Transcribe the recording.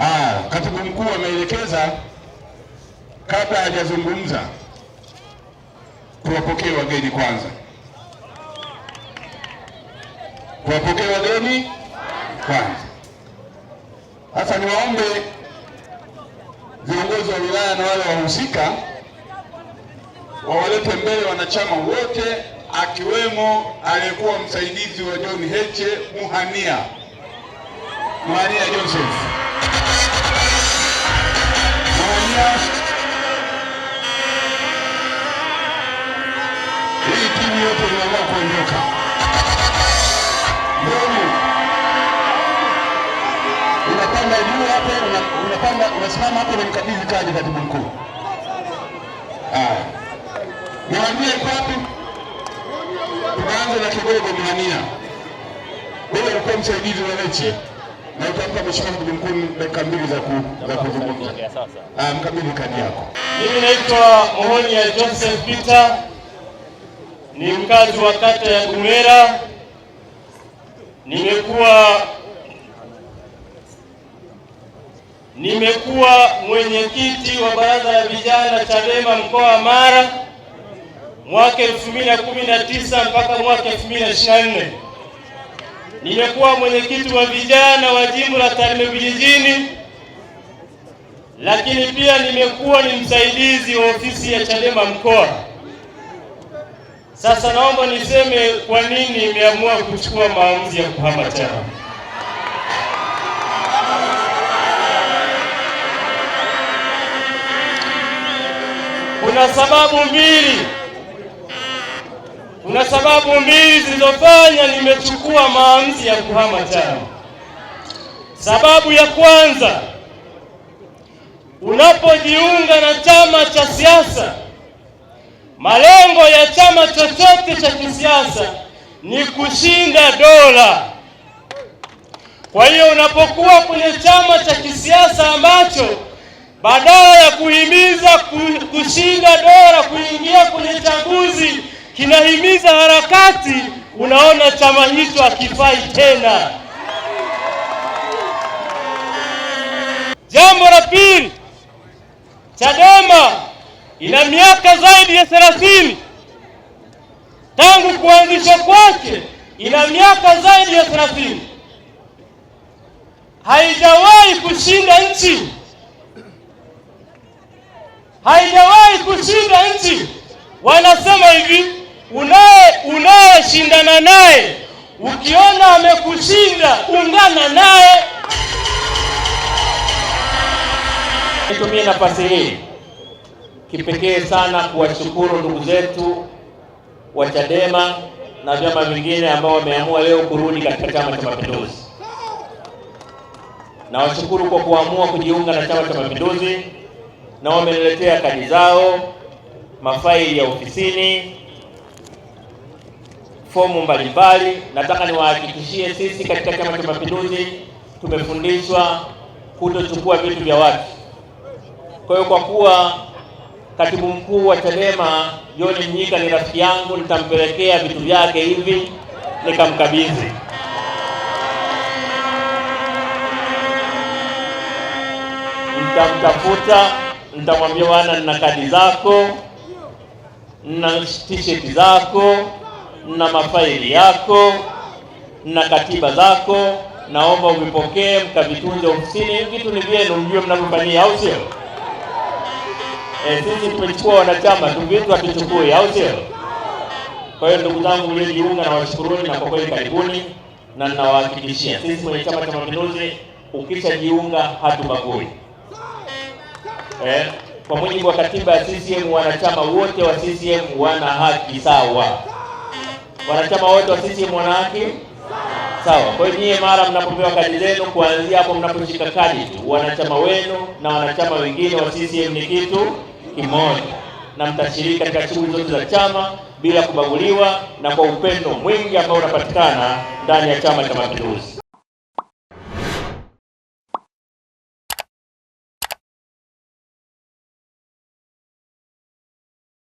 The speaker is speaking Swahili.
Ah, katibu mkuu ameelekeza kabla hajazungumza kuwapokea wageni kwanza, kuwapokea wageni kwanza. Sasa niwaombe viongozi wa wilaya na wale wahusika wawalete mbele wanachama wote akiwemo aliyekuwa msaidizi wa John Heche Muhania Maria Joseph hii timu yote inaamua kuondoka. Unapanda juu hapo, unapanda unasimama hapo, unamkabidhi kaji katibu mkuu. Haya, miwania iko wapi? Tunaanza na kigogo miwania. Wewe ulikuwa msaidizi wa Heche Nautampa Mheshimiwa Mkuu Mkuu dakika mbili za kuzungumza. Ah, mkabidhi kadi yako. Mimi naitwa Joseph Peter, ni mkazi wa kata ya gumera Nimekuwa nimekuwa mwenyekiti wa baraza la vijana Chadema mkoa wa Mara mwaka 2019 mpaka mwaka 2024 nimekuwa mwenyekiti wa vijana wa jimbo la Tarime vijijini, lakini pia nimekuwa ni msaidizi wa ofisi ya Chadema mkoa. Sasa naomba niseme kwa nini nimeamua kuchukua maamuzi ya kuhama chama. Kuna sababu mbili na sababu mbili zilizofanya nimechukua maamuzi ya kuhama chama. Sababu ya kwanza, unapojiunga na chama cha siasa, malengo ya chama chochote cha kisiasa ni kushinda dola. Kwa hiyo unapokuwa kwenye chama cha kisiasa ambacho badala ya kuhimiza kushinda dola, kuingia kwenye chaguzi kinahimiza harakati, unaona chama hicho hakifai tena. Jambo la pili, Chadema ina miaka zaidi ya thelathini tangu kuanzishwa kwake, ina miaka zaidi ya thelathini haijawahi kushinda nchi, haijawahi kushinda nchi. Wanasema hivi unayeshindana naye, ukiona amekushinda ungana naye. Nitumie nafasi hii kipekee sana kuwashukuru ndugu zetu wa Chadema na vyama vingine ambao wameamua leo kurudi katika Chama cha Mapinduzi. Nawashukuru kwa kuamua kujiunga na Chama cha Mapinduzi, na wameniletea kadi zao, mafaili ya ofisini fomu mbalimbali. Nataka niwahakikishie sisi katika Chama cha Mapinduzi tumefundishwa kutochukua vitu vya watu. Kwa hiyo kwa kuwa katibu mkuu wa Chadema John Mnyika ni rafiki yangu, nitampelekea vitu vyake hivi nikamkabidhi. Nitamtafuta, nitamwambia bwana, nina kadi zako, nina t-shirt zako na mafaili yako na katiba zako, naomba uvipokee mkavitunze ofisini. Vitu ni vyenu, mjue mnavyofanyia, au sio? E, sisi tumechukua wanachama tu, vitu hatuchukui, au sio? Kwa hiyo ndugu zangu mliojiunga, na washukuruni na kwa kweli karibuni, na ninawahakikishia sisi kwenye Chama cha Mapinduzi ukishajiunga hatubagui. Eh, kwa mujibu wa katiba ya CCM wanachama wote wa CCM wana haki sawa wanachama wote wa CCM wanawake sawa. Kwa hiyo nyie, mara mnapopewa kadi zenu, kuanzia hapo mnaposhika kadi tu, wanachama wenu na wanachama wengine wa CCM ni kitu kimoja, na mtashiriki katika shughuli zote za chama bila kubaguliwa na kwa upendo mwingi ambao unapatikana ndani ya Chama cha Mapinduzi.